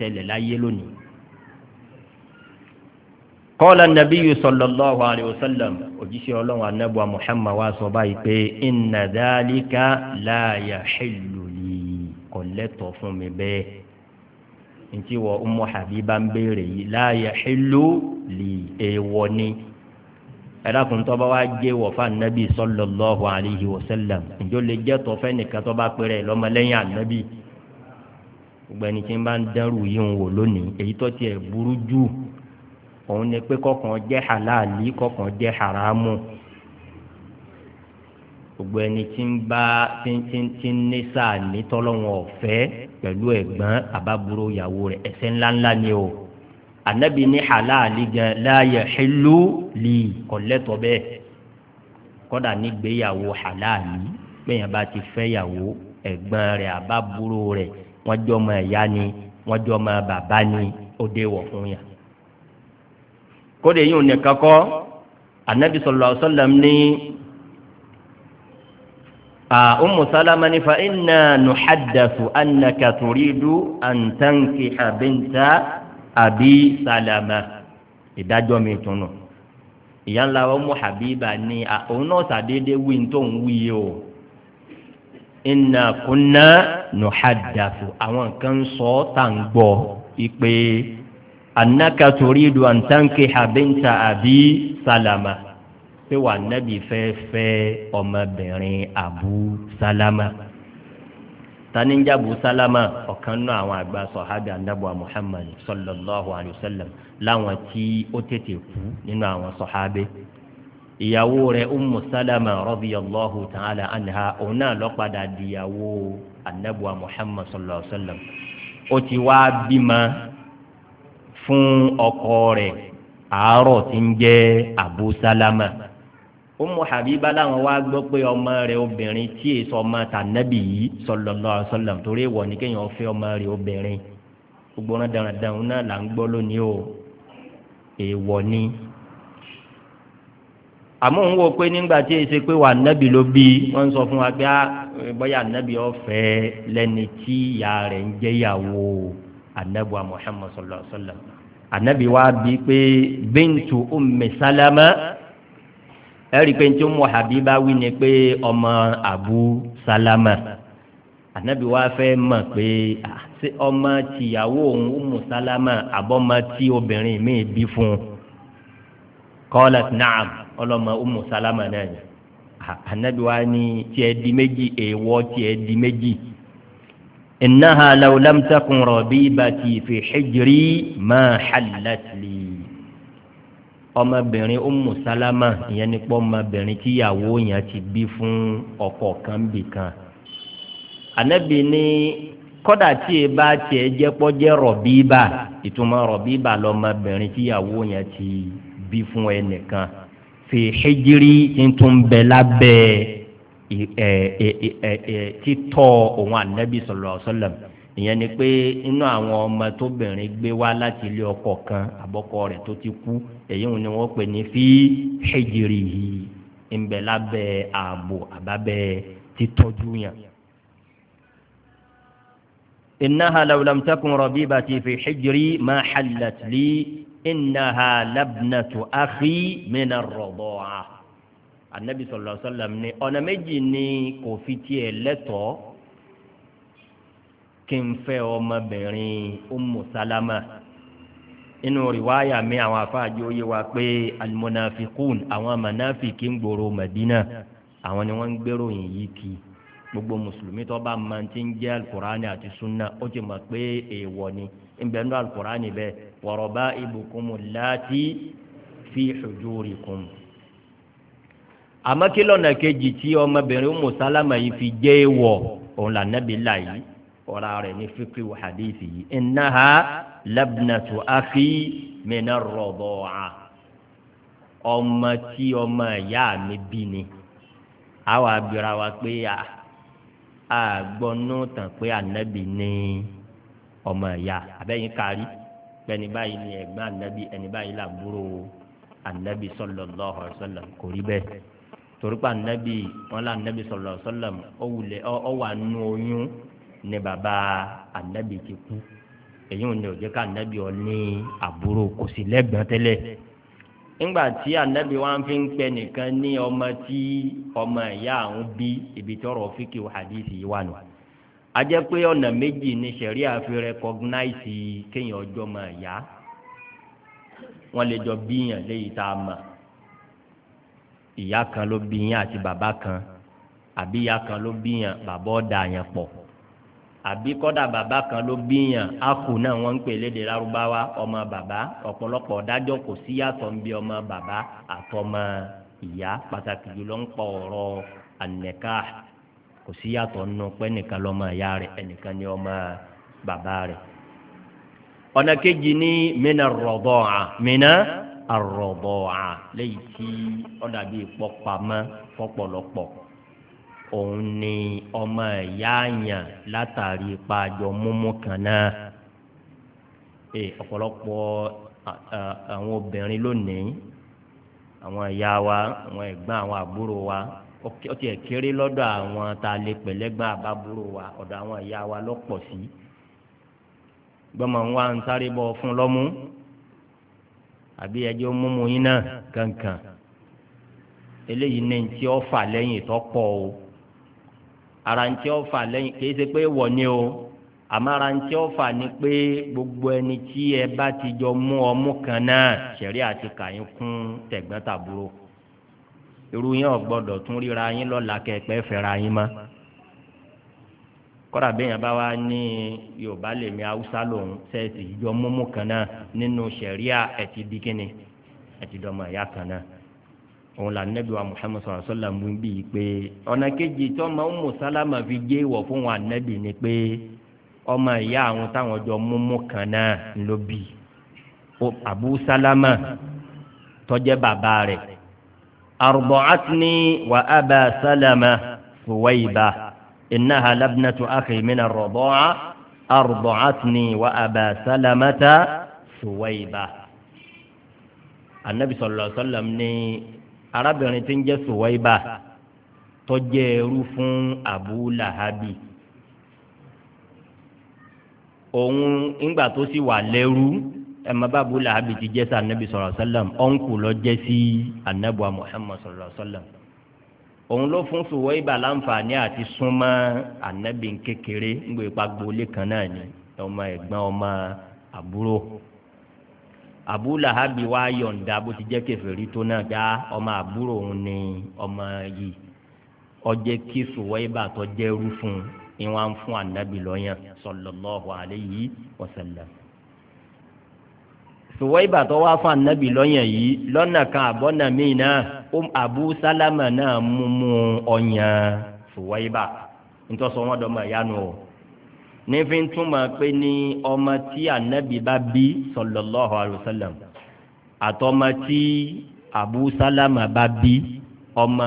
ṣẹlẹ̀ láyé lónìí. kọ́lá nàbíyù sallallahu alayhi wa sallam òjíṣẹ́ ọlọ́run anábọ̀ muhammad wa sọ báyìí pé inna dhalika la yahillu li kò lẹ́tọ̀ fún mi bẹ́ẹ̀ ntí wọ Ummu Habiba ń béèrè yìí la yahillu li èèwọ̀ ni ẹ̀dàkùn tó bá wá jẹ́ wọ̀fà nàbì sallallahu alayhi wa sallam lè jẹ́ tọ́fẹ́ nìkan tó bá pèrè lọ́mọlẹ́yìn ànábì gbogbo ẹni tí ń bá ń dẹ́rù yìí ń wò lónìí èyí tó tiẹ̀ burú jù òun ni pé kọ̀ọ̀kan jẹ́ halali kọ̀ọ̀kan jẹ́ haramu gbogbo ẹni tí ń bá tí ń tí ń tí ń ní sáàní tọ́lọ́wọ́n ọ̀fẹ́ pẹ̀lú ẹ̀gbọ́n àbábúrò ìyàwó rẹ̀ ẹ̀ṣẹ̀ ńláńlá ni o ànábì ní halali gan la yahillu li kọ̀lẹ́tọ̀ bẹ́ẹ̀ kọ́dà nígbéyàwó halali bẹ́ẹ̀ yẹn bá ti fẹ́ yàwó ẹ̀gbọ́n rẹ̀ àbábúrò rẹ̀ wọ́n jọ ọmọ ìyá ni wọ́n jọ ọmọ bàbá ni ó dé wọ̀ fún yà. kódé yìí ò ní kankọ́ anabi sallallahu alaihi wasallam ní ummu salama ní fa inna nuhaddathu annaka turidu an tankiha binta abi salama ìdájọ́ mi tún nù ìyá ńlá wa mú habiba ní òun náà sàdédé wí tó ń wí yìí o inna kunna nuhaddathu àwọn kan sọ tá ń gbọ́ ìpè annaka turidu an tankiha binta abi salama pé wà nábì fẹ́ fẹ́ ọmọbìnrin abu salama tani ń jábù sálámà ọ̀kan náà àwọn àgbà sọ̀hábì anábọ̀ muhammad sallallahu alayhi wa sallam láwọn tí ó tètè kú nínú àwọn sọ̀hábì ìyàwó rẹ̀ ummu sálámà radiyallahu ta'ala anha òun náà ló padà di anabuwa muhammad sallallahu alaihi wa sallam ó ti wá bímọ fún ọkọ rẹ̀ àárọ̀ tí ń jẹ́ abu salama umu habiba làwọn wá gbọ́ pé ọmọ rẹ̀ obìnrin tí èso ọmọ tànàbì yìí sallallahu alaihi wa sallam torí ìwọ ni kéèyàn fẹ́ ọmọ rẹ̀ obìnrin gbogbo ọ̀ràn darandaran náà là ń gbọ́ lónìí o èèwọ̀ ni àmọ́ òun wò pé nígbà tí èsì pé wà nẹ́bì ló bí wọ́n ń sọ fún wa pé ah, bóyá nẹ́bì ọ̀fẹ́ lẹ́ni tí ìyá rẹ̀ ń jẹ́ ìyàwó anabuwa muhammad sallallahu alaihi wa sallam anabi wa bi pé bintu ummi salama ẹ̀rí pé tí mu habiba wí ni pé ọmọ abu salama anabi wa fẹ́ mọ̀ pé ah, ṣé ọmọ tìyàwó òun ummu salama àbọ̀mọ tí obìnrin mi bí fún un qalat na'am ọlọ́mọ umu salama náà yẹn anabi wa ni tiẹ̀ di méjì èèwọ̀ tiẹ̀ di méjì innaha law lam takun rabibati fi hijri ma hallat li ọmọbìnrin umu salama ìyẹn ni pé ọmọbìnrin tíyàwó yẹn ti bí fún ọkọ kan bì kan anabi ni kọ́dà tí e bá tiẹ̀ jẹ́ pọ́ jẹ́ rọ̀bíbà ìtumọ̀ rọ̀bíbà lọ́mọbìnrin tíyàwó yẹn ti. Tí bí fún ẹnìkan fi hijiri tuntun bẹ lábẹ́ títọ́ òun ànábì sallallahu alaihi wasallam ìyẹn ni pé inú àwọn ọmọ tóbìnrin gbé wá láti ilé ọkọ kan àbọkọ rẹ̀ tó ti kú èyí ni wọ́n pè ní fi hijiri yìí ń bẹ lábẹ́ ààbò àbábẹ́ títọ́jú yàn. إنها لو لم تكن ربيبتي في حجري ما حلت لي innaha labnatu akhi mina rọdọa anabi sọlọ sọlọ ni ọ̀nà méjì ni kò fi tiẹ̀ lẹ́tọ̀ kí n fẹ́ ọmọbìnrin umu salama inú riwaya mi àwọn afáàjì ó yé wa pé almunafikun àwọn manafiki ń gbòòrò madina àwọn ni wọ́n ń gbèrò yìí yìí kì í gbogbo mùsùlùmí tó bá máa ti ń jẹ́ alukurani àti sunna ó ti mọ̀ pé èèwọ̀ ni ń bẹ nínú alukurani bẹ́ẹ̀ wọ̀rọ̀bá ibùkún láti fi hujurikum. àmọ́ kí lọ́nà kejì tí ọmọbìnrin Ummu Salama yìí fi jẹ́ èèwọ̀ òun là nábì láyé ọ̀rá rẹ̀ ní fíkì hadithi yìí innaha labnatu akhi mina rọ̀bọ̀ọ̀à ọmọ tí ọmọ ìyá mi bí ni àwa abira wa pé àgbọ̀nù tàn pé ànábì ní ọmọ ìyá abẹ́yìn kárí. pẹ́ni báyìí ni ẹ̀gbọ́n anabi ẹni báyìí làbúrò anabi sallallahu alaihi wasallam kò rí bẹ́ẹ̀ torípa ànábì wọn sallallahu alaihi wasallam ó nù oyún ní bàbá anabi ti kú èyí ò òjẹ́ ká anabi ọ ní àbúrò kò sí lẹ́gbọ́n tẹ́lẹ̀ nígbà tí ànábì wọn fi ń pẹ nìkan ní ọmọ tí ọmọ ìyá àwọn bí ibi tọrọ fíkì hadisi yìí wà nù. a jẹ́ pé méjì ni sẹ̀ríà fi rẹkọgnáìsì kéèyàn ọjọ́ máa yá wọ́n lè jọ bíyàn léyìí tá a mọ̀ ìyá kan ló bíyàn àti bàbá kan àbí ìyá kan ló bíyàn bàbá ọ̀dà yẹn pọ̀ àbí kọ́dà bàbá kan ló bíyàn akù náà wọ́n ń pè léde lárúbáwá ọmọ bàbá ọ̀pọ̀lọpọ̀ ọ̀dájọ́ kò sí yàtọ̀ ń bí ọmọ bàbá àtọmọ ìyá pàtàkì jùlọ ń pọ̀ ọ̀rọ̀ ànẹ̀ká kò sí yàtọ̀ nínú pé ẹnìkan lọ́mọ ìyá rẹ̀ ẹnìkan ni ọmọ bàbá rẹ̀ ọ̀nà kejì ní mina rọ̀bọ̀ à mina àrọ̀bọ̀ à léyìí tí ọ̀dà bíi pọ́pamọ́ fọ́pọ̀lọpọ̀ òun ni ọmọ ìyá àyàn látàrí ìpàjọ múmú kan náà ọ̀pọ̀lọpọ̀ àwọn obìnrin lónìí àwọn ìyá wa àwọn ẹ̀gbọ́n àwọn àbúrò wa ọtí ẹ̀kéré lọ́dọ̀ àwọn tá a lè pẹ̀lẹ́gbọ́n àbábúrò wa ọ̀dọ̀ àwọn ìyá wa lọ́pọ̀ sí gbọ́mọ̀ ń wá ń sáré bọ́ fún lọ́mú àbí ẹjọ́ múmu yín náà kankan eléyìí ní ntí ọ fà lẹ́yìn tó pọ̀ o ara ntí ọ fà lẹ́yìn kì í ṣe pé wọ̀ ni o àmọ́ ara ntí ọ fà ni pé gbogbo ẹni tí ẹ bá ti jọ mú ọmú kan náà ṣẹ̀rí àti kàyín kún tẹ̀gbọ́n tàbúrò irú yẹn ò gbọ́dọ̀ tún ríra yín lọ́la kẹ́ẹ̀pẹ́ fẹ́ra yín mọ́ kọ́ra bẹ́yẹn bá wá ní yorùbá lèmi haúsá lòun sẹ́ẹ̀sì ìjọ mímú kan náà nínú sẹ̀ríà ẹ̀tì dikini ẹ̀tì dọ́mọ ẹ̀yà kan náà òun là nẹ́bí wa muhammed sọ̀rọ̀ sọ́là mú bí i pé ọ̀nà kejì tọ́mọ ọmọ sálámà fi jẹ́ ìwọ̀ fún wa nẹ́bí ni pé ọmọ ìyá àwọn táwọn jọ mímú kan náà ló bí abu sálámà tọ́jẹ́ bàbá rẹ̀ أرضعتني وأبا سلمة ثويبة إنها لبنة أخي من الرضاعة أرضعتني وأبا سلمة ثويبة النبي صلى الله عليه وسلم ني أرابي تنجي ثويبة تجيرو أبو لهبي أون ńgbà tó sì ẹ̀ma bá Abu Lahab ti jẹ́ sí anabi sallallahu alaihi wasallam ọ̀nkù lọ jẹ́ sí anabi wa Muhammad sallallahu òun ló fún láǹfààní àti súnmọ́ anabi kékeré ń gbé ipa kan náà ni ọmọ ẹ̀gbọ́n ọmọ àbúrò Abu Lahab wa yọ̀ǹda bó ti jẹ́ kèfèrí tó náà já ah, ọmọ àbúrò òun ni ọmọ yìí ọjẹ́ kí Suwayba tó jẹ́ fún un suwaiba tó wá fún anabi lọ́yàn yìí lọ́nà kan àbọ̀nà míì náà abu salama náà mú mú ọ̀yàn suwaiba nítorí sọ wọn dọ́mọ ìyanu o nífi túmọ̀ pé ní ọmọ tí anabi bá bí sallallahu alayhi wa sallam tí abu salama bá bí ọmọ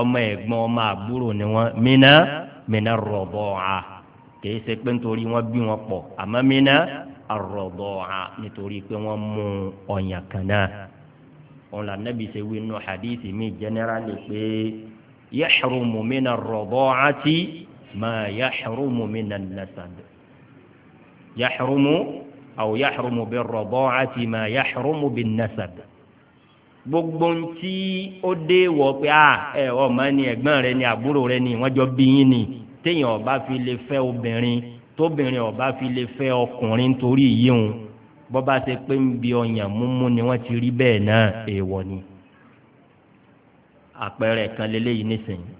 ọmọ ẹ̀gbọ́n ọmọ àbúrò ni wọ́n mina mina rọ̀bọ̀ a kì í ṣe pé nítorí wọ́n bí wọn pọ̀ àmọ́ arọ̀dọ̀ọ̀hà nítorí pé wọ́n mú ọ̀yàn kan náà wọn là nẹ́bi ṣe wí nù hadith mi generally pé yahrumu mina arọ̀dọ̀ọ̀hàti ma yahrumu mina nasab yahrumu aw yahrumu bi arọ̀dọ̀ọ̀hàti ma yahrumu bi nasab gbogbo ntí ó dé wọ pé a ẹ ọmọ ni ẹ̀gbọ́n rẹ ni àbúrò rẹ ni wọ́n jọ bí yín ni téèyàn bá fi lè fẹ́ obìnrin tóbìnrin ọba fi lè fẹ́ ọkùnrin nítorí yíyún bọ́ba ṣe pé ń bi ọyàn múmú ni wọ́n ti rí bẹ́ẹ̀ náà èèwọ̀ ni àpẹẹrẹ kan lélẹ́yìí nísìnyí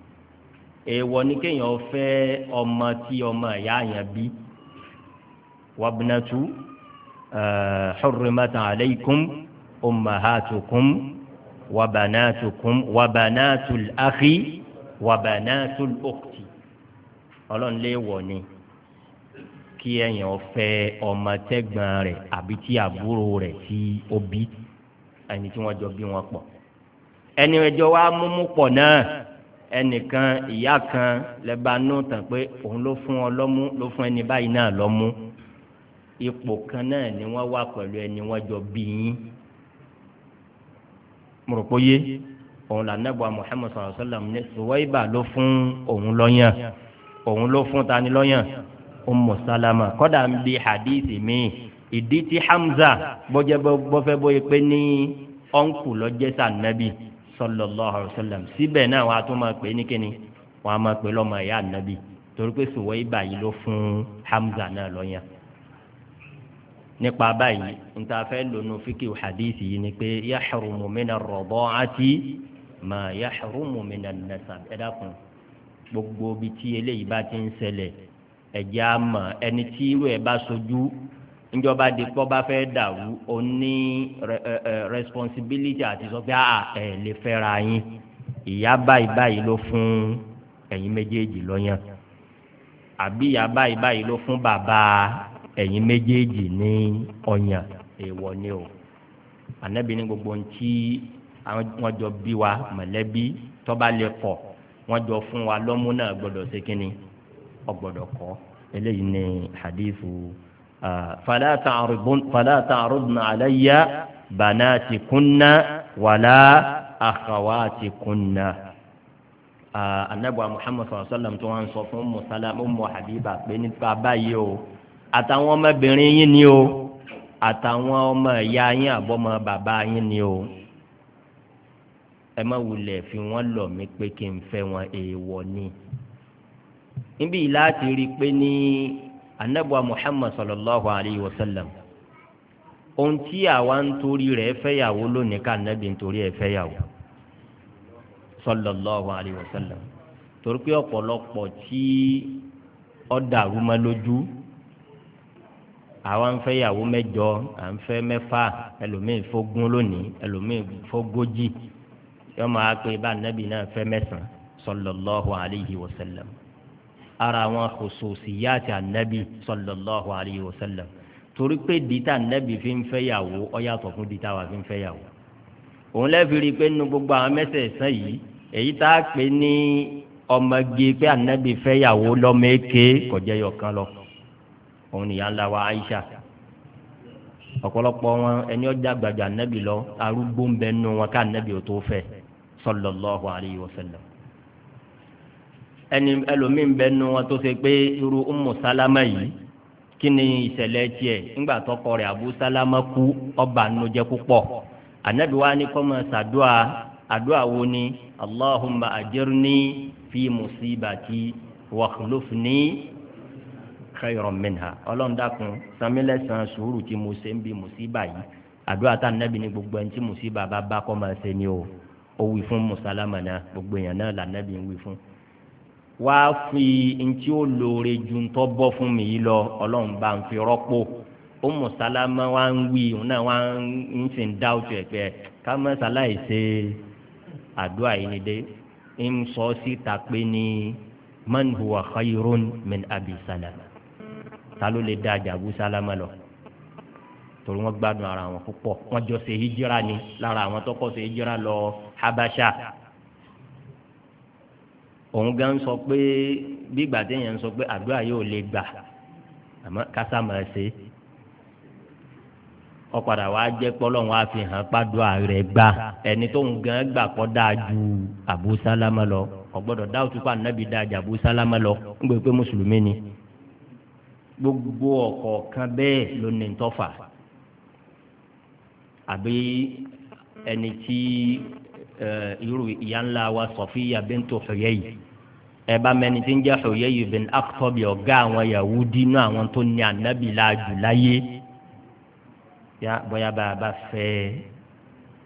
èèwọ̀ ni kéèyàn fẹ́ ọmọ tí ọmọ ìyá àyàn bí wàbùnàtú hurrimat alaykum ummahatukum wabanatukum wabanatul akhi wabanatul ukhti ọlọ́run lè wọ̀ ni kí ẹ̀yàn fẹ́ ọmọ tẹ́gbọ́n rẹ̀ àbí tí àbúrò rẹ̀ tí ó bí ẹni tí wọ́n jọ bí wọn pọ̀ ẹni ẹjọ́ wa múmú pọ̀ náà ẹnìkan ìyá kan lẹ́bàánú tàn pé òun ló fún ọ lọ́mú ló fún ẹni báyìí náà lọ́mú ipò kan náà ni wọ́n wà pẹ̀lú ẹni wọ́n jọ bí yín mo òun là nẹ́bọ̀ sallallahu alaihi wasallam ní Suwaiba ló fún òun lọ́yàn òun ló fún tani lọ́yàn Ummu Salama kọ́dà ń bi hadithi mi ìdí tí Hamza bọ́jẹ́ bọ́fẹ́ bóyá pé ní ọ̀nkù lọ́jẹ́sà nàbì sallallahu alaihi wasallam síbẹ̀ náà wàá tún máa pè é ní kíni wàá máa pè lọ́mọ ìyá nàbì torí pé sùwọ́ ibà yìí ló fún Hamza náà lọ́yàn nípa báyìí níta fẹ́ lónú fíkìw hadithi yìí ni pé yahrumu mina ar-rada'ati ma yahrumu mina an-nasab ẹ gbogbo bíi tí eléyìí bá ti ń ṣẹlẹ̀ ẹ̀jẹ̀ á mọ̀ ẹni tí irú ẹ̀ bá sojú níjọba dikpọ́ bá fẹ́ dàrú ó ní responsibility àti sọ pé ẹ lè fẹ́ra yín ìyá báyìí báyìí ló fún ẹ̀yin méjèèjì lọ́yàn àbí ìyá báyìí báyìí ló fún bàbá ẹ̀yin méjèèjì ní ọ̀yàn èèwọ̀ ni o ànábì ní gbogbo ntí wọ́n jọ bí wa mọ̀lẹ́bí tó lè kọ̀ wọ́n jọ fún wa lọ́mú náà gbọ́dọ̀ ṣe kínni ọgbọ́dọ̀ kọ́ eléyìí ni hadithu fala ta'rudna alayya banatikunna wala akhawatikunna. anabu muhammad sallallahu alaihi wa sallam tó wọn sọ fún musalama mu habiba pé nípa báyìí o àtàwọn ọmọbìnrin yín ni o àtàwọn ọmọ ìyá yín àbọ̀mọ bàbá yín ni o ẹ má wulẹ̀ fi wọ́n lọ̀ mí pé kí n fẹ́ wọn èèwọ̀ ni níbí láti rí i pé ní anabuwa muhammad sallallahu alayhi wa sallam ohun tí àwa ń torí rẹ̀ fẹ́yàwó lónìí ká anabi ń torí ẹ̀ fẹ́yàwó sallallahu alayhi wa sallam torí pé ọ̀pọ̀lọpọ̀ tí ó dàrú mọ́ lójú àwa ń fẹ́ yàwó mẹ́jọ à ń fẹ́ mẹ́fà ẹlòmíì fógún lónìí ẹlòmíì fógójì yọ máa pe bá nàbì náà fẹ́ mẹ́sàn-án sallallahu alayhi wa sallam ara àwọn khususiyati ànábì sallallahu alayhi wa sallam torí pé dìtà ànábì fi ń fẹ́yàwó ó yàtọ̀ fún dìtà wà fi ń fẹ́yàwó òun lẹ́ẹ̀fi rí i pé nínú gbogbo àwọn mẹ́sẹ̀ẹ̀sán yìí èyí tá a pè ní ọmọge pé ànábì fẹ́yàwó lọ́mọ èké kọjá yọ kan lọ òun nìyá ńlá wa Aisha ọ̀pọ̀lọpọ̀ wọn ẹni ọjà gbàgbà ànábì lọ arúgbó ń bẹ nínú wọn ká ànábì ò tó fẹ́ sallallahu alayhi wa sallam ẹni ẹlòmíì ń bẹ nu wọn tó ṣe pé irú Ummu Salama yìí kí ni ìṣẹ̀lẹ̀ tiẹ̀ ńgbà tọkọ rẹ̀ Abu Salama kú ọba nujẹ púpọ̀ anabi wa ni kọ́ máa ṣàdúà àdúà wo ni Allahumma ajirni fi musibati wa akhlifni khayran minha ọlọ́run dákun sanmílẹ̀sán sùúrù tí mo ṣe ń bi mùsíbà yìí àdúrà tá nàbì ní gbogbo ẹni tí mùsíbà bá bá kọ́ máa ṣe ni o ó wí fún mùsálámà náà gbogbo èèyàn náà là nàbì ń wí fún wá fi ntí ó lóore ju ntọ́ bọ́ fún mi yìí lọ ọlọ́run bá ń fi rọ́pò ọmọ sálámà wá ń wí òun náà wá ń sì ń dá òtún ẹ̀ pé ká má sáláì ṣe àdúrà yìí ni dé ń sọ síta pé ní man huwa min abi ta ló lè dá àjàgbó sálámà lọ torí wọn gbádùn ara wọn púpọ̀ wọn jọ ṣe hijira ni lára àwọn tó ṣe hijira lọ habasha òun gan sọ pé bí ìgbà téèyàn sọ pé àdúrà yóò lè gbà àmọ́ kásá máa ṣe ọ̀padà wa jẹ́ pọ́lọ́ wọn á hàn pàdúrà rẹ̀ gbà ẹni tó ń gan gbà kọ́ dáa ju Abu Salama lọ ọ̀gbọ́dọ̀ dáwọ́ tó kọ́ ànábì dáa ju Abu Salama lọ ń gbé pé mùsùlùmí ni gbogbo ọ̀kọ̀ọ̀kan bẹ́ẹ̀ ló ní tọ́fà àbí ẹni tí Eh, irú ìyá ńlá wa Sọfíyà bintu Huyayy ẹ bá mẹni tí ń jẹ́ Huyayy bin Akhtab ọ̀gá àwọn Yahudi náà àwọn tó ní ànábì láàjù láyé yá bóyá bá a bá fẹ́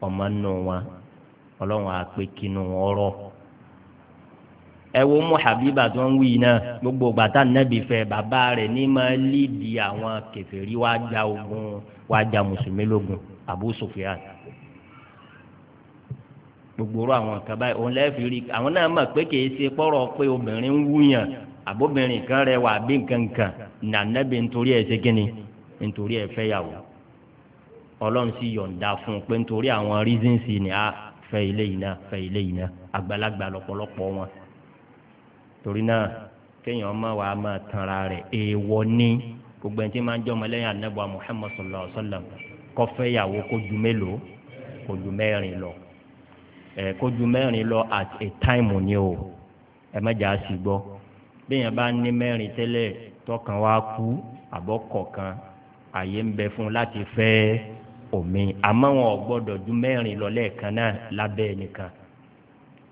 ọmọ nù wọn ọlọ́run á pé kinu ọ̀rọ̀ ẹ wo mú Habiba tó ń wí náà gbogbo gbàtà nẹ́bí fẹ́ bàbá rẹ̀ ní máa lídìí àwọn kèfèrí wàá ja ogun wàá ja mùsùlùmí lógun Abu Sufyan gbogbo ru àwọn nǹkan báyìí òun lẹ́ẹ̀fì rí àwọn náà mọ̀ pé kì í ṣe pọ́rọ̀ pé obìnrin ń wúyàn àbóbìnrin kan rẹ wà bí nkankan nànẹ́bí nítorí ẹ̀ ṣe kíni nítorí ẹ̀ fẹ́yàwó ọlọ́run sì yọ̀ǹda fún un pé nítorí àwọn reasons ni a ah, fẹ́ ilé yìí náà fẹ́ ilé yìí náà àgbàlagbà lọ́pọ̀lọpọ̀ wọn torí náà kéèyàn ọmọ wa máa tanra rẹ̀ èèwọ̀ ní gbogbo ẹni tí máa ń jẹ́ ọmọlẹ́yìn anábọ̀ Muhammad sallallahu alaihi wasallam kó fẹ́yàwó ẹ kójú mẹ́rin lọ at a time ni o ẹ mẹ́jà á sì gbọ́ bẹ́ẹ̀yàn bá ní mẹ́rin tẹ́lẹ̀ tọkàn wá kú àbọ̀ kọ̀ọ̀kan àyè ń bẹ fún láti fẹ́ omi àmọ́ wọn ò gbọ́dọ̀ ju mẹ́rin lọ lẹ́ẹ̀kan náà lábẹ́ ẹnìkan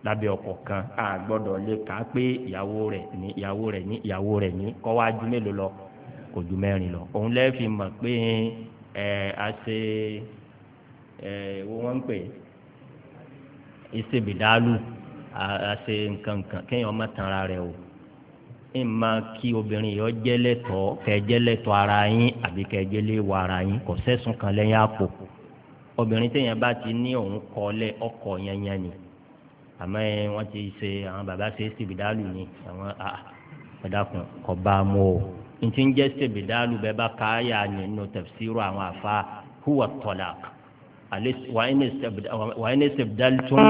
lábẹ́ ọkọ kan a gbọ́dọ̀ lè kà á pé ìyàwó rẹ̀ ní ìyàwó rẹ̀ ní ìyàwó rẹ̀ ní kọ́ wá ju mélòó lọ kò ju mẹ́rin lọ òun lẹ́ẹ̀ fi mọ̀ pé ẹ a ẹ wọ́n ń pè é èsè bìdálù ase nǹkan nǹkan kéèyàn má tanra rẹ̀ o ìmà kí obìnrin yọ jẹ́lẹ̀tọ̀ kẹ́ jẹ́lẹ̀tọ̀ ara yín àbí kẹ́ jẹ́lẹ̀ wọ ara yín kò sẹ́sùn kan lẹ́yìn àpò obìnrin téèyàn bá ti ní òun kọ́lẹ̀ ọkọ̀ yanyan ni àmọ́ ẹ wọ́n ti ṣe àwọn bàbá ṣe ṣèbìdálù ni àwọn ẹ̀dàkùn kò mú o ntí ń jẹ́ ṣèbìdálù bẹ́ẹ̀ bá káyà nínú tafsiru àwọn àfa huwa talaq وإن استبدلتم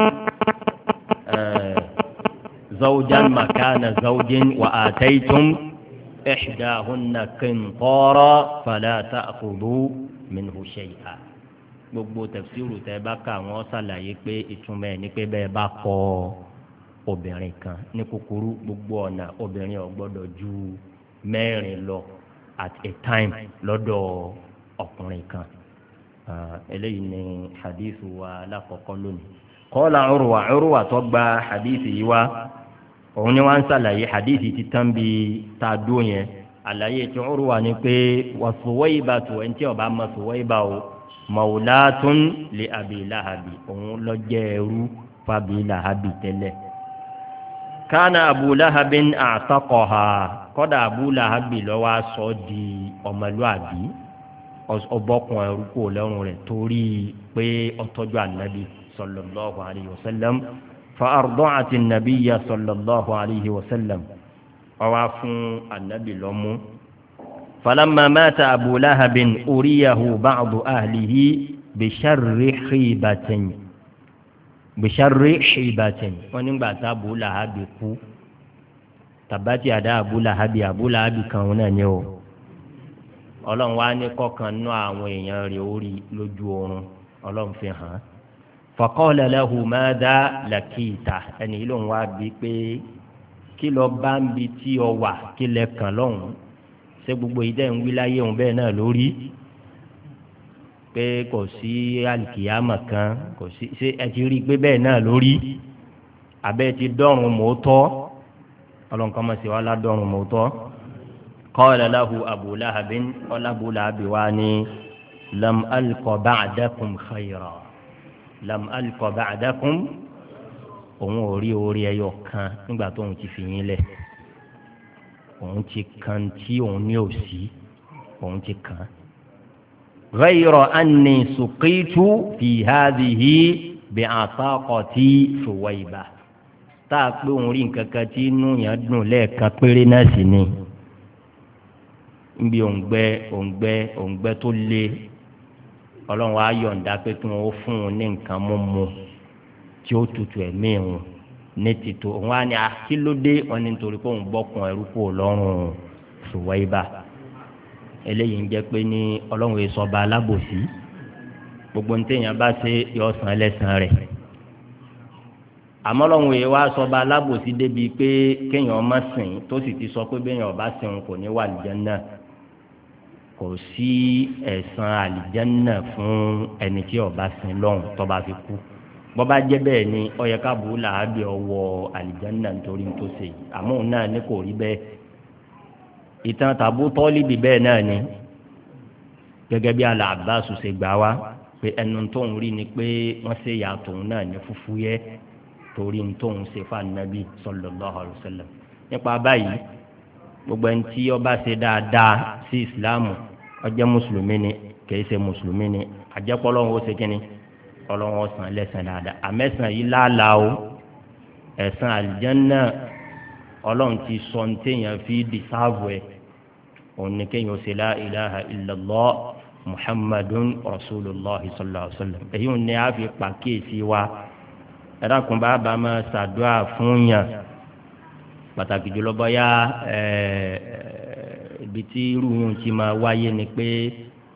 زوجا مكان زوج وآتيتم إحداهن قنطارا فلا تأخذوا منه شيئا gbogbo tẹfsiru tẹ bá ka àwọn ṣàlàyé pé ìtumọ̀ ẹ̀ ni pé bẹ́ẹ̀ bá kọ obìnrin kan ní kúkúrú gbogbo ọ̀nà obìnrin ò ju mẹ́rin lọ at a time lọ́dọ̀ ọkùnrin kan. Ah, eléyìí ni hadithu wa lákọ̀ọ́kọ́ lónìí kọ́lá ọrùwà ọrùwà tó gba hadithu yìí wá òun ni wọ́n ń ṣàlàyé hadithu ti tán bí tá a dó yẹn àlàyé tí ọrùwà ni pé wà Suwayba tó ẹni tí ọba ma Suwayba o mawulatun li abi lahabi òun lọ jẹ́ ẹrú fàbí lahabi tẹ́lẹ̀ kánà abúláhabi àtọkọ̀ ha kọ́dà abúláhabi lọ́wọ́ sọ di ọmọlúwàbí ọbọkùn ẹrú kò lẹ́rùn rẹ̀ torí pé ọtọ́jú ànábì sallallahu alayhi wa sallam fa arda'ati nabiyya sallallahu alayhi wa sallam ọwá fún ànábì lọ́mú. falamma mata abu lahabin uriyahu ba'du ahlihi bisharri khibatin bisharri khibatin wọn nígbà tá abu kú tàbátì àdá abu lahabi abu lahabi náà ni o ọlọ́run wá ní kọ́kàn nú àwọn èèyàn rẹ̀ orí lójú oorun ọlọ́run fi hàn án faqala lahu madha lakita ẹni yìí lòun wá bí pé kí lọ bá ń bi tí ọ wà kí lẹ kàn lọ́hùn ṣé gbogbo ìdẹ́ ń wí láyé òun bẹ́ẹ̀ náà lórí pé kò sí alìkìyàmọ̀ kan kò sí ṣé ẹ ti rí i pé bẹ́ẹ̀ náà lórí àbẹ́ ti dọ́rùn mọ́tọ́ ọlọ́run kan mọ̀ sí wa ládọ́rùn mọ́tọ́. قال له أبو lahabin ọlá abu lahabi wa لم ألق بعدكم خيرا لم ألق بعدكم ba'dakum òun ò rí orí ẹyọ kan nígbà tó òun ti fi yín lẹ̀ òun ti kan tí òun ní òsì òun ti kan. ghayra anni suqitu fi hadhihi bi'ataqati Suwayba tá a pé òun rí nǹkan kan tí inú yẹn dùn lẹ́ẹ̀kan péré náà sì ni ń bi òǹgbẹ òǹgbẹ òǹgbẹ tó le ọlọ́run wa yọ̀ǹda pé kí wọ́n fún un ní nǹkan mímu tí ó tutù ẹ̀mí wọn ní títò òun á ní akílódé wọn ní nítorí pé òun bọ́kùn ẹrú kò lọ́rùn Suwaiba eléyìí ń jẹ́ pé ní ọlọ́run yìí e sọba alábòsí gbogbo ní téèyàn bá ṣe yọ san lẹ́sàn rẹ̀ àmọ́ ọlọ́run yìí e wá sọba alábòsí débi pé kéèyàn má sìn tó sì ti sọ pé béèyàn ọba sìn kò ní wà ní náà kò sí ẹ̀san àlìjánná fún ẹni tí ó bá sin lọ́hùn tó bá fi kú bó bá jẹ́ bẹ́ẹ̀ ni ó yẹ káàbù làábì ọwọ́ àlìjánná nítorí tó ṣe àmọ́ òun náà ní kò rí bẹ́ẹ̀ ìtàn tàbú tọ́líbì bẹ́ẹ̀ náà ni gẹ́gẹ́ bí aláàbáṣu ṣe gbà wá pé ẹnu tóun rí ni pé wọ́n ṣe ìyá tòun náà ní fúfú yẹ́ torí tóun ṣe fànàbí sallallahu nípa báyìí gbogbo ẹni tí ó ṣe dáadáa sí ìsìláàmù ọjẹ́ mùsùlùmí ni kìí ṣe mùsùlùmí ni àjẹpọ̀ ọlọ́run ó ṣe kínní ọlọ́run ó san lẹ́sàn dáadáa àmẹ́sàn yìí láàlà o ẹ̀sán àlìjẹ́nà ọlọ́run ti sọ ní téèyàn fi dìsáàbù ẹ̀ òun ni kéèyàn ṣe la ilaha illallah muhammadun rasulillah sallallahu alaihi wa sallam èyí ò ní a pàkíyèsí wa ẹ̀rọ àkùnbá bá máa ṣàdúrà fún yàn pàtàkì jùlọ bọ́yá ẹ̀ẹ́ ibi tí irú yìí ti máa wáyé ni pé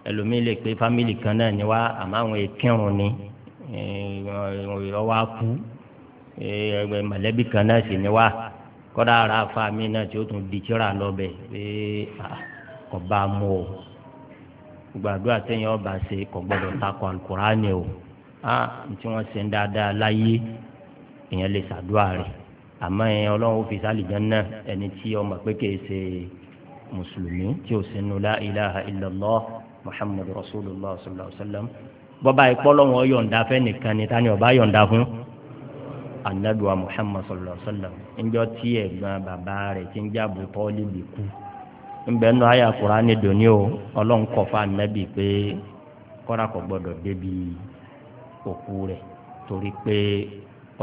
ẹlòmíì lè pé fámìlì kan náà ni wá àmọ́ àwọn èkìrùn ni ọwọ́ akú mọ̀lẹ́bí kan náà sì ni wá kọ́dà ara fa náà tí ó tún di tíra lọ́bẹ̀ pé kò mú o gbàdúrà téèyàn ọba ṣe kò gbọdọ̀ takò alukurani o ah tí wọ́n ṣe ń dáadáa láyé èèyàn lè ṣàdúrà rẹ̀ àmọ́ ẹ̀ ọlọ́run ó fi sálì jẹ́ náà ẹni tí ọmọ pé kìí ṣe mùsùlùmí tí ó sinú la ilaha illallah muhammadu rasulillah sallallahu alaihi wa sallam bọ́ba ìpọ́lọ́wọ́n yọ̀ǹda fẹ́nìkan ni tani ọba yọ̀ǹda fún anabiwa muhammad sallallahu alaihi wa sallam ńjọ́ tí ẹ̀gbọ́n bàbá rẹ̀ ti ń jábọ̀ tọ́lí bì kú ńbẹ́ nù ayé Kùránì dòní o ọlọ́run kọ̀ fún anabi pé kọ́ra kò gbọ́dọ̀ débi òkú rẹ̀ torí pé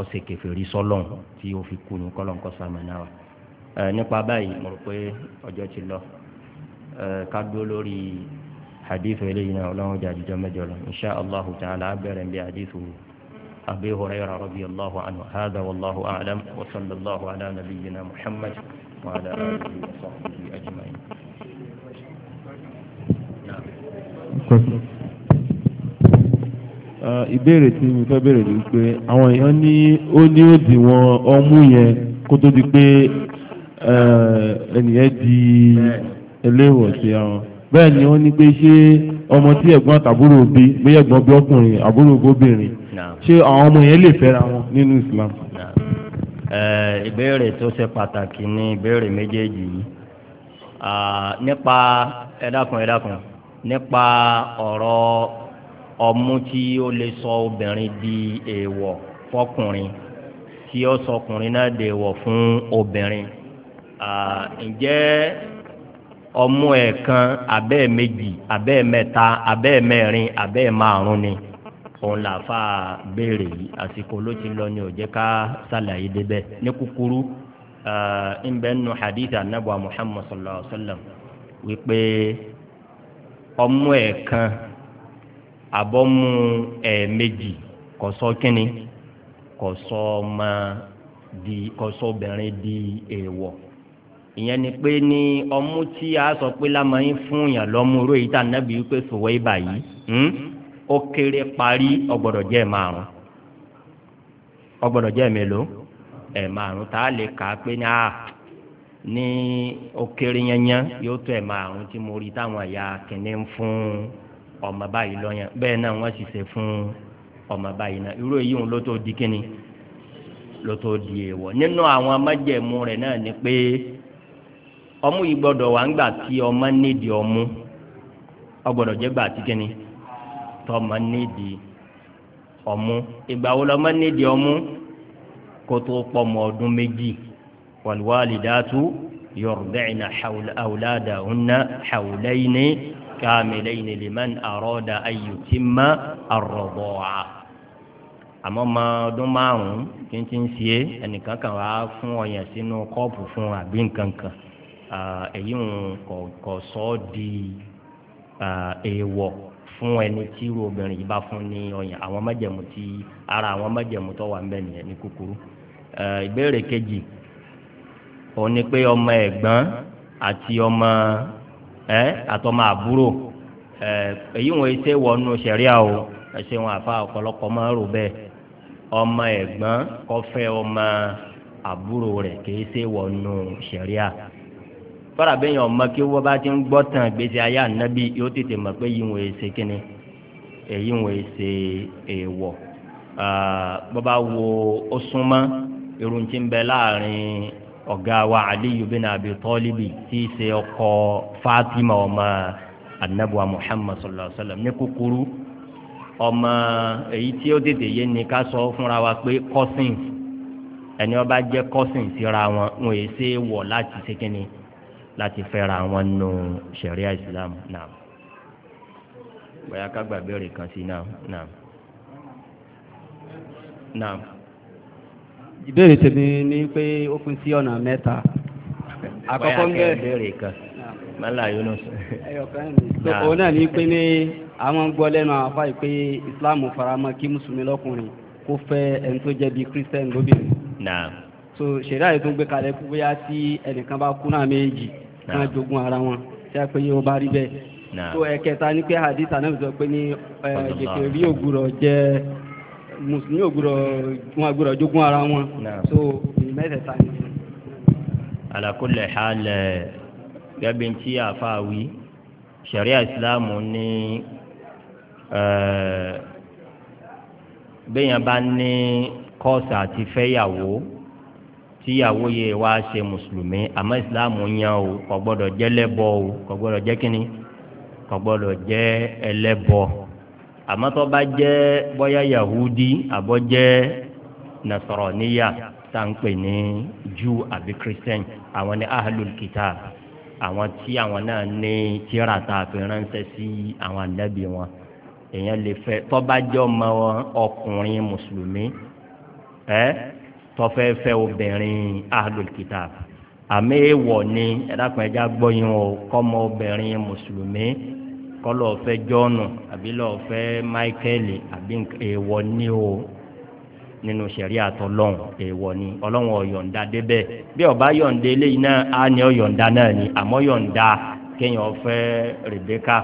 ọ̀sẹ̀ kẹfẹ́ rí sọ́lọ́n tí ó fi kú ní kọ́lọ́n kọ́sàmánà wa. Eh, nípa báyìí mo rò pé ọjọ́ ti lọ eh, ká dúró lórí hadithu eléyìí náà ọlọ́run jẹ́ àdìjọ́ mẹ́jọ lọ insha allahu ta'ala abẹ́rẹ́ bí hadithu abi hurairah radiyallahu anhu hadha wallahu a'lam wa sallallahu ala nabiyyina muhammad wa ala alihi wa sahbihi ajma'in. Eh, ìbéèrè tí mo fẹ́ béèrè ni pé àwọn èèyàn ní ó ní òdiwọ̀n ọmú yẹn kó tó di pé ẹnìyẹn di eléwọ̀ sí àwọn bẹ́ẹ̀ ni wọ́n ní pé ṣé ọmọ tí ẹ̀gbọ́n tàbúrò bí bóyá ẹ̀gbọ́n bí ọkùnrin àbúrò obìnrin ṣé àwọn ọmọ yẹn lè fẹ́ra wọn nínú Islam. ìbéèrè tó ṣe pàtàkì ni ìbéèrè méjèèjì yìí nípa ẹ̀dákun ẹ̀dákun nípa ọ̀rọ̀ ọmú tí ó lè sọ obìnrin di èèwọ̀ fọkùnrin tí ó sọkùnrin náà dèèwọ̀ fún obìnrin ǹjẹ́ ọmú ẹ̀ẹ̀kan abẹ́ẹ̀ méjì abẹ́ẹ̀ mẹ́ta abẹ́ẹ̀ mẹ́rin abẹ́ẹ̀ márùn ni òun làáfà béèrè yìí àsìkò ló ti lọ ní òjẹ́ ká sàlàyé débẹ̀ ní kúkúrú ńbẹ́nu hadith anabuwa muhammad sallallahu alaihi wa sallam wípé ọmú ẹ̀ẹ̀kan abọ́mú ẹ̀ẹ̀mejì kò sọ kínni kò sọ ọmọ di kò sọ obìnrin di èèwọ̀. E ìyẹn ni pé ní ọmú tí a sọ pé lámọyín fún yàn lọ́mú ró yìí tá a nábì wípé sòwò ibà yìí hmm? ó kéré parí ọgbọ́dọ̀ jẹ́ márùn ọgbọ́dọ̀ jẹ́ mélòó ẹ̀ márùn tá a lè kà á pé ní a ah, ní ó kéré yẹnyẹn yóò tó ẹ̀ márùn tí mo rí táwọn ẹ̀yà kìnní ń fún ọmọ báyìí lọ́yàn bẹ́ẹ̀ náà wọ́n sì ṣe fún ọmọ báyìí náà irú èyí ló tó di kíni ló tó di èèwọ̀ nínú àwọn májẹ̀mú rẹ̀ náà ni pé ọmú yìí gbọ́dọ̀ wà ńgbà tí ọmọ nídìí ọmú ọgbọ́dọ̀ jẹ́ gbà tí kínní tọmọ nídìí ọmú ìgbà wo lọmọ nídìí ọmú kó tó pọmọ ọdún méjì wàlúwàlídàtú yọrùbẹ́ẹ̀nà àwùládàhùnà hawlayni kamilayni liman àrọ́dà ayyutimma àrọ̀bọ̀à àmọ́ ọmọ ọdún márùn-ún kí n ti ń ṣe é ẹnìkan kan wàá fún ọyàn sínú kọ́ọ̀pù fún àbí nǹkan kan. Ah, èyí ń kọ̀ sọ́ di ah, èèwọ̀ fún ẹni tí irú obìnrin yìí bá fún ní ọyàn àwọn májẹ̀mú tí ara àwọn májẹ̀mú tó wà ń bẹ nìyẹn ní kúkúrú ah, ìbéèrè kejì òun ni pé ọmọ ẹ̀gbọ́n àti ọmọ ẹ àtọmọ àbúrò ẹ eh, èyí wọn ṣe wọnú ṣẹ̀ríà o ẹṣẹ wọn àfa ọ̀pọ̀lọpọ̀ máa ń rò bẹ́ẹ̀ ọmọ ẹ̀gbọ́n kò fẹ́ ọmọ àbúrò rẹ̀ kì í ṣe wọnú ṣẹ̀ríà fara bẹ́ẹ̀ yàn ọmọ kí wọ́n bá ti ń gbọ́ tàn gbèsè ayé ànábì yóò tètè mọ̀ pé yíwọ̀n èsè kínní èyíwọ̀n èsè èèwọ̀ bọ́ bá wo ó súnmọ́ irun tí ń bẹ láàrin ọ̀gá wa aliyu bin abi tọ́líbi tí í ṣe ọkọ fatima ọmọ anabuwa muhammad sallallahu alaihi wa sallam ní kúkúrú ọmọ èyí tí ó tètè yé ni ká sọ fúnra wa pé cousins ẹni ó bá jẹ́ cousins síra wọn wọn èsè wọ̀ láti ṣe kínní láti fẹ́ra wọn nù sẹ̀ríà islam náà bóyá ká gbà béèrè kan sí náà náà náà. ìbéèrè tèmi ni pé ó pín sí ọ̀nà mẹ́ta. àkọ́kọ́ ń bẹ̀rẹ̀ béèrè kan mọ́là yunus. ẹyọkan ni òun náà ní pé ní àwọn gbọ́ lẹ́nu àwọn afáì pé islam faramọ́ kí mùsùlùmí lọ́kùnrin kó fẹ́ ẹni tó jẹ́ bíi christian lóbìnrin. náà. so ṣẹ̀dá yìí tó ń gbé kalẹ̀ kú bóyá tí ẹnìkan bá kú náà méjì kan jogun ara wọn tí a pé yóò bá rí bẹ́ẹ̀ tó ẹ̀kẹta ní pé hadith anabi sọ pé ní jẹ̀kẹ̀ rí ògùrọ̀ jẹ́ mùsùlùmí ògùrọ̀ wọn àgùrọ̀ jogun ara wọn so mẹ́tẹ̀ẹ̀ta ni. ala kulli hal eh, gẹ́gẹ́ tí àfa wí sẹ̀ríà ìsìláàmù ní eh, bẹ́ẹ̀ bá ní kọ́ọ̀sì àti fẹ́yàwó tíyàwó yẹ wá ṣe mùsùlùmí àmọ́ ìsìláàmù yan o kò gbọ́dọ̀ jẹ́ lẹ́bọ o kò gbọ́dọ̀ jẹ́ kínní kò gbọ́dọ̀ jẹ́ ẹlẹ́bọ àmọ́ tó bá jẹ́ bóyá yahudi àbọ̀ jẹ́ nasaraniya tá à ń pè ní jew àbí christian àwọn ní ahlul kitab àwọn tí àwọn náà ní tíra tá a fi ránṣẹ́ sí àwọn ànábì wọn èèyàn lè fẹ́ tó bá jẹ́ ọmọ ọkùnrin mùsùlùmí ẹ́. Eh? tọ́fẹ́ fẹ́ obìnrin ahlul kitab àmì èèwọ̀ ni ẹ̀dàkùn ẹja gbọ́yìn o kọ́mọ obìnrin mùsùlùmí kọ́lọ̀ fẹ́ jọ́ọ̀nù àbí lọ́ọ̀ fẹ́ máìkẹ́lì àbí èèwọ̀ ni o nínú sẹ̀rí àtọ́lọ́hún èèwọ̀ ni ọlọ́run ọ̀yọ̀ǹda débẹ̀ bí ọba yọ̀ǹda eléyìí náà á ní ọ̀yọ̀ǹda náà ni àmọ́ yọ̀ǹda kéèyàn fẹ́ Rèbékà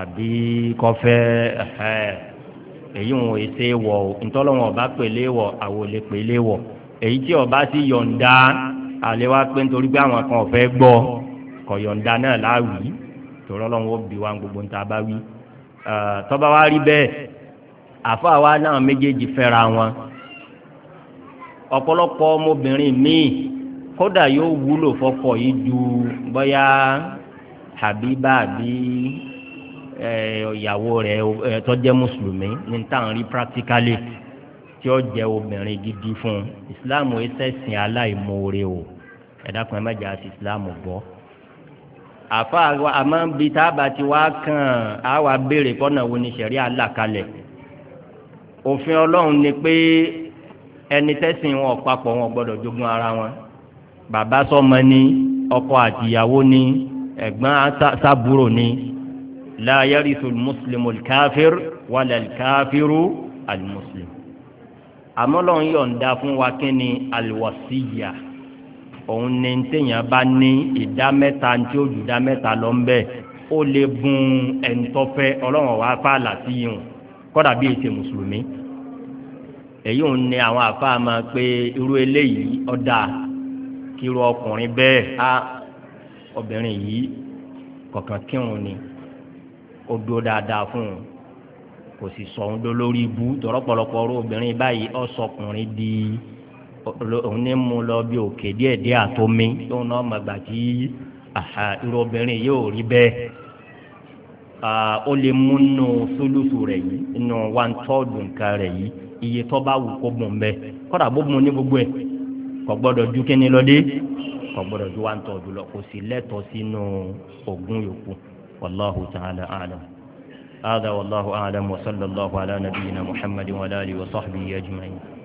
àbí kọ́fẹ́ ẹ̀ẹ́ èyí ń wòye ṣe wọ̀ o ntọ́lọ́wọ̀n ọba pèlè wọ̀ àwòlè pèlè wọ̀ èyí tí ọba sì yọ̀ǹda àlewa pé nítorí pé àwọn kan ọ̀fẹ́ gbọ́ kọ̀ yọ̀ǹda náà láwì tòrọ́lọ́wọ́n ó bi wá gbogbo ń ta bá wí. tọ́ba wa rí bẹ́ẹ̀ àfa wa náà méjèèjì fẹ́ra wọn ọ̀pọ̀lọpọ̀ ọmọbìnrin míì kódà yóò wúlò fọ́kọ yìí ju bóyá Habiba bíi ìyàwó rẹ̀ tó jẹ́ mùsùlùmí ní táwọn rí practically tí ó jẹ́ obìnrin gidi fún un islam ẹ sẹ́sìn aláìmoore o ẹ̀dá kan mẹ́jọ àti islam bọ́ àfa àmọ́ bíi tá a bá ti wá kàn á wá béèrè kọ́nà wo ni sẹ̀rí alákalẹ̀ òfin ọlọ́run ni pé ẹni tẹ́sìn wọn papọ̀ wọn gbọ́dọ̀ jogún ara wọn bàbá sọ́mọ ni ọkọ àtìyàwó ni ẹ̀gbọ́n sábúrò ni لا يرث المسلم الكافر ولا الكافر المسلم. al-kafiru al-muslim àmọ́lọ́ ń yọ̀ǹda fún wa kí ni alwasiya òun ni téèyàn bá ní ìdá mẹ́ta tí ó ju ìdá mẹ́ta lọ ń bẹ́ẹ̀ ó lè bùn ẹ̀ńtọ́fẹ́ ọlọ́run wàá fàlà sí yìí kọ́dà bí èsè mùsùlùmí èyí òun ni àwọn àfáà máa pé irú eléyìí ọ̀dà kí irú ọkùnrin bẹ́ẹ̀ á obìnrin yìí kọ̀ọ̀kan kírun ni kó dúró dáadáa fún un kò sì sọ òun dolórí ibú tọ̀rọ̀pọ̀lọpọ̀ ọ̀rọ̀ obìnrin báyìí ọ̀sọkùnrin di òun ní mú lọ bí òkè díẹ̀ díẹ̀ àtomi tóun náà mọ̀ gbà tí irú obìnrin yóò rí bẹ́ẹ̀ ó lè mú nù sólùsù rẹ̀ yìí nù wàntọ́ọ̀dù nǹkan rẹ̀ yìí iye tó bá wù kó bùn bẹ́ẹ̀ kọ́dà bó bùn ní gbogbo ẹ̀ kò gbọ́dọ̀ ju kíni lọ dé kò gbọ́dọ̀ ju wàntọ́ọ̀dù lọ kò sì lẹ́tọ̀ọ́ sínú ogún yòókù. والله تعالى أعلم هذا والله أعلم وصلى الله على نبينا محمد وآله وصحبه أجمعين